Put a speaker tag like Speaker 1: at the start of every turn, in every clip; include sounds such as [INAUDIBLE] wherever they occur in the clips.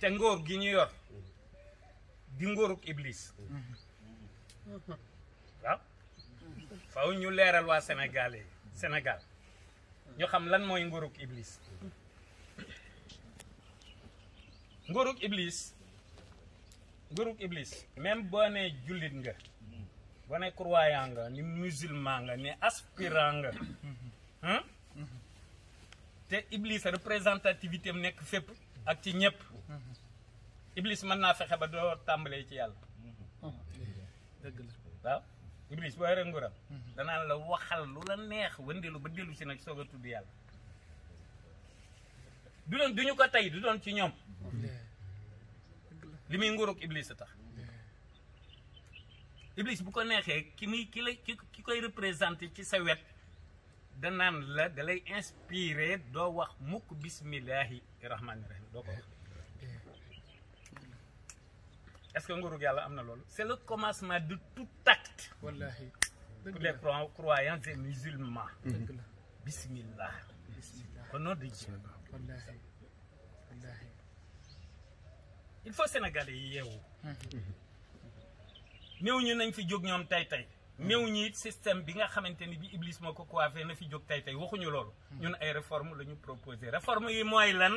Speaker 1: te ngoor gi ñu yor di ngóoruk iblis waaw faw ñu leeral waa Sénégal yi Sénégal ñu xam lan mooy ngóoruk iblis ngóoruk iblis ngóoruk iblis même boo nee jullit nga boo nee croyant nga ni musulman nga ni aspirant nga te iblis représentativité am nekk fépp ak ci ñëpp iblis mën naa fexe ba doo tàmbalee ci yàlla dëgg la waaw iblis boo yore nguuram mm-hmm. danaan la waxal lu la neex wëndeelu ba dellusi si nag soog a tudd yàlla du doon du ñu ko tey du doon ci ñoom li muy nguuruk iblis a iblis bu ko neexee ki muy ki la ki koy représenté ci sa wet danaan la dalay inspiré doo wax mukk bismillahi rahmaani doo ko wax est-ce que nguurug yàlla am na loolu c'est le commencement de tout acte pour les croyants et musulmans bismillah il faut sénégalais yi yeewu ñu nañ fi jóg ñoom tey tey néew ñi système bi nga xamante ni bi Iblis moo ko coiffé na fi jóg tey tey waxuñu loolu. ñun ay réforme la ñu proposé réforme yi mooy lan.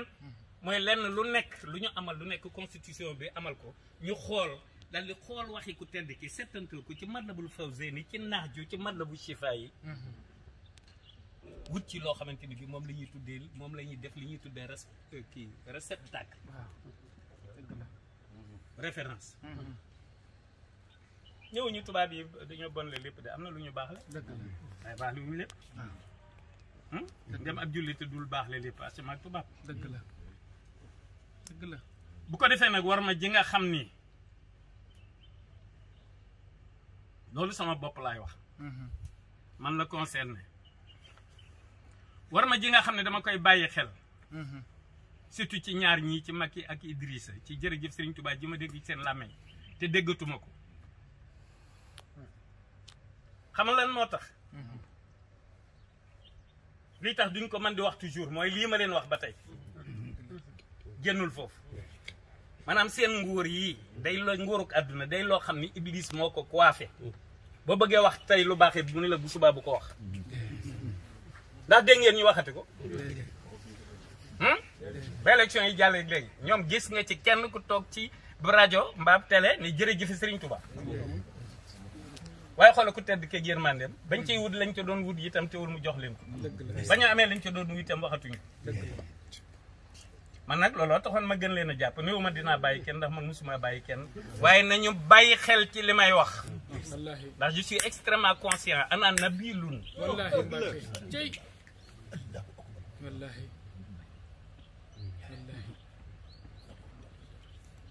Speaker 1: mooy lenn lu nekk lu ñu amal lu nekk constitution bi amal ko ñu xool dal di xool waxi ku tedd ki settantal ko ci bul Matlabul Fawzayni ci Nahju ci Matlabu Chifa yi. wut ci loo xamante ni bi moom la ñuy tuddee moom la ñuy def li ñuy tuddee res euh, kii réceptacle référence. Mm-hmm. ñëw ñu tubaab yi dañoo bon le lépp de am na lu ñu baax la waaye baax lu ñu lépp ah. hmm? dem ak jullit dul baax le lépp asamaag ah, tubaab dëgg la dëgg la bu ko defee nag war ma ji nga xam ni loolu sama bopp laay wax mhm. man la concerné war ma ji nga xam ne dama koy bàyyi xel mhm. surtout ci ñaar ñii ci mag yi ak Idrissa ci jërëjëf Serigne Touba ji ma dégg seen làmmeñ te déggatuma ko xam nga moo tax mhm. li tax duñ ko mën di wax toujours mooy lii ma leen wax ba tey génnul foofu maanaam seen nguur yi day loo nguuruk àdduna day loo xam ni iblis moo ko coiffé boo bëggee wax tey lu baaxee bu ne la bu subaa bu ko wax ndax dégg ngeen ñu waxati ko hmm? ba élection yi jàllee léegi ñoom gis nga ci kenn ku toog ci rajo mbaab télé ni jërëjëf Serigne Touba waaye xoolal ku tedd keeg dem bañ ciy wut lañ ca doon wut itam teewul mu jox leen ko bañu amee lañ ca doon wut itam waxatuñu man nag looloo taxoon ma gën leen a jàpp new ma dinaa bàyyi kenn ndax man musuma bàyyi kenn waaye nañu bàyyi xel ci li may wax ndax je suis extrêmement conscient ana nabilun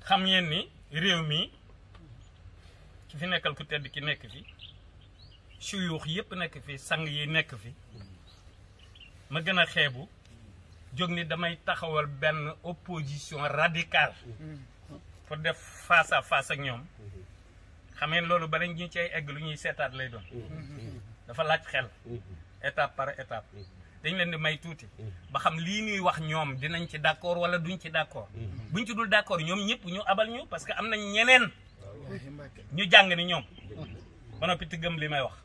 Speaker 1: xam ngeen ni réew mi ki fi nekkal ku tedd ki nekk fi suyuux yëpp nekk fi sang yi nekk fi ma gën a xeebu jóg ni damay taxawal benn opposition radicale pour def face à ak ñoom xam ngeen loolu bala ñu cay egg lu ñuy seetaat lay doon dafa laaj xel étape par étape dañ leen di may tuuti ba xam lii ñuy wax ñoom dinañ ci d'accord wala duñ ci d'accord mm-hmm. buñ ci dul d'accord ñoom ñëpp ñu abal ñu parce que am na ñeneen ñu jàng ni ñoom ba noppi te gëm li may wax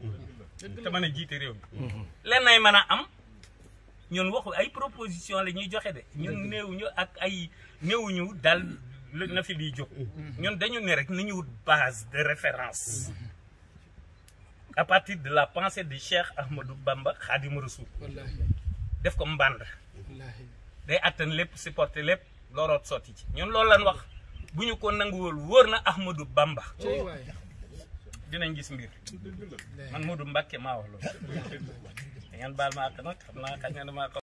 Speaker 1: te mën a jiite réew mi lenn ay mën a am ñun waxu ay proposition la ñuy joxe de ñun néewuñu ak ay néewuñu dal na fi liy jóg ñun dañu ne rek nañu wut base de référence à partir de la pensée de Cheikh Ahmadou Bamba Khadim Rassoul def ko mbànd day attan lépp supporter lépp looroot sotti ci ñun loolu wax bu ñu ko nanguwul wóor na Ahmadou Bamba oh. dinañ gis mbir man Modou Mbacke maa wax loolu da [LAUGHS] baal ma àq nag xam naa